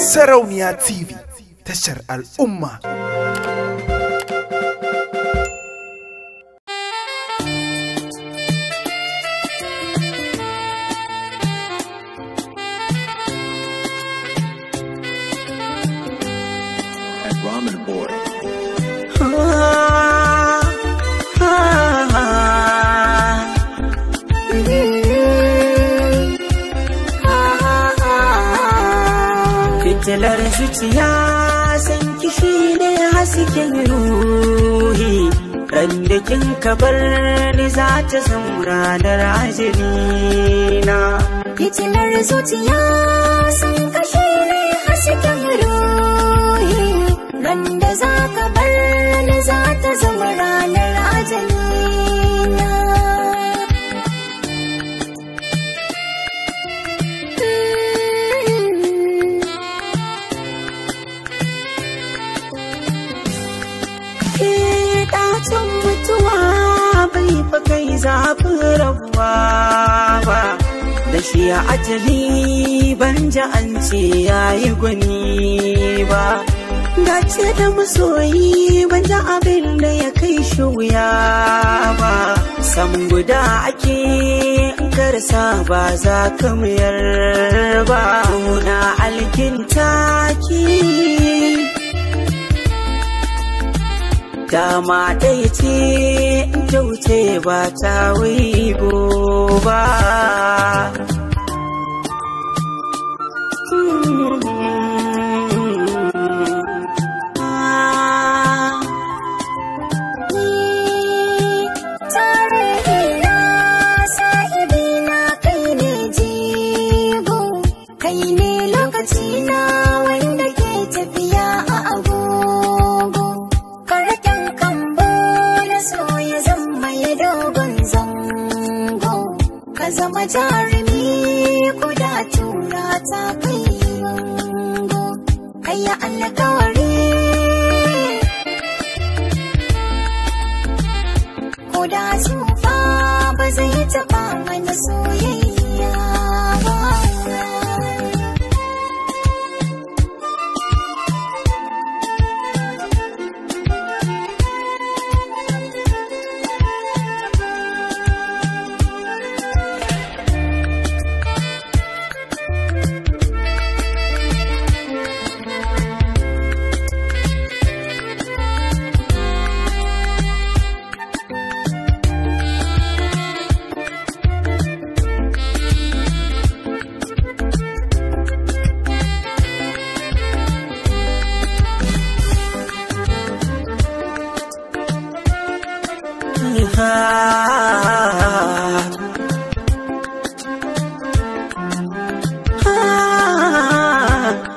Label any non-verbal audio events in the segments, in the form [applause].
Sarauniya TV tashar al'umma. Ramen boy. [laughs] fitilar zuciya san kishi ne hasken ruhi ran kin kabar ni za ta da rajini na. fitilar zuciya san kashi ne hasken ruhi ran da za Mutum mutuwa bai fi kai zafin rabuwa ba da shi a ajali ban ji an ce yayi gwani ba gace da masoyi ban ji abin da ya kai shi wuya ba sam guda ake karsa ba za ka muyar ba alkin taki dama ɗaya ce kyauce ba ta wigo ba zama jarumi da tura ta kai yango kai ya Allah fa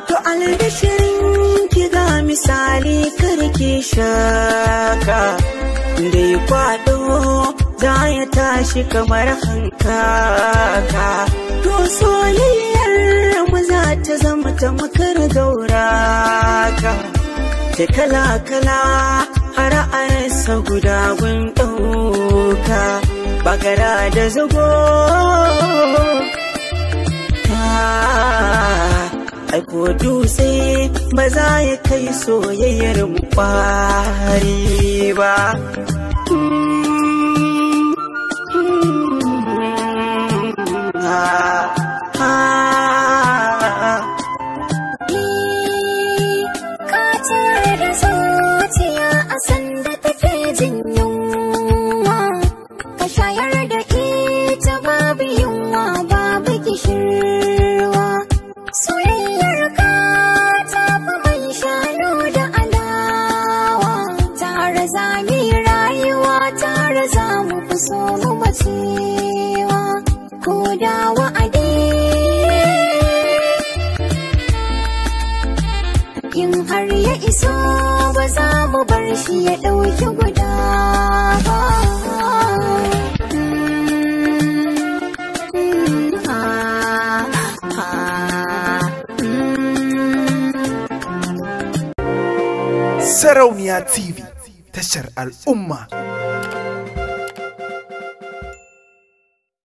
to albishirin ki ga misali karki shaka da ya kwado za ya tashi kamar hankaka to soyayyar mu za ta zama tamkar gauraka ta kala-kala har ra'ayarsa guda gun ɗauka bagara da zugo aiko ah, dutse ba za ya kai soyayyar mu ba so mu bacewa ko da wa'adi in har ya iso ba za mu bar shi ya ɗauki guda ba Sarauniya TV tashar al'umma.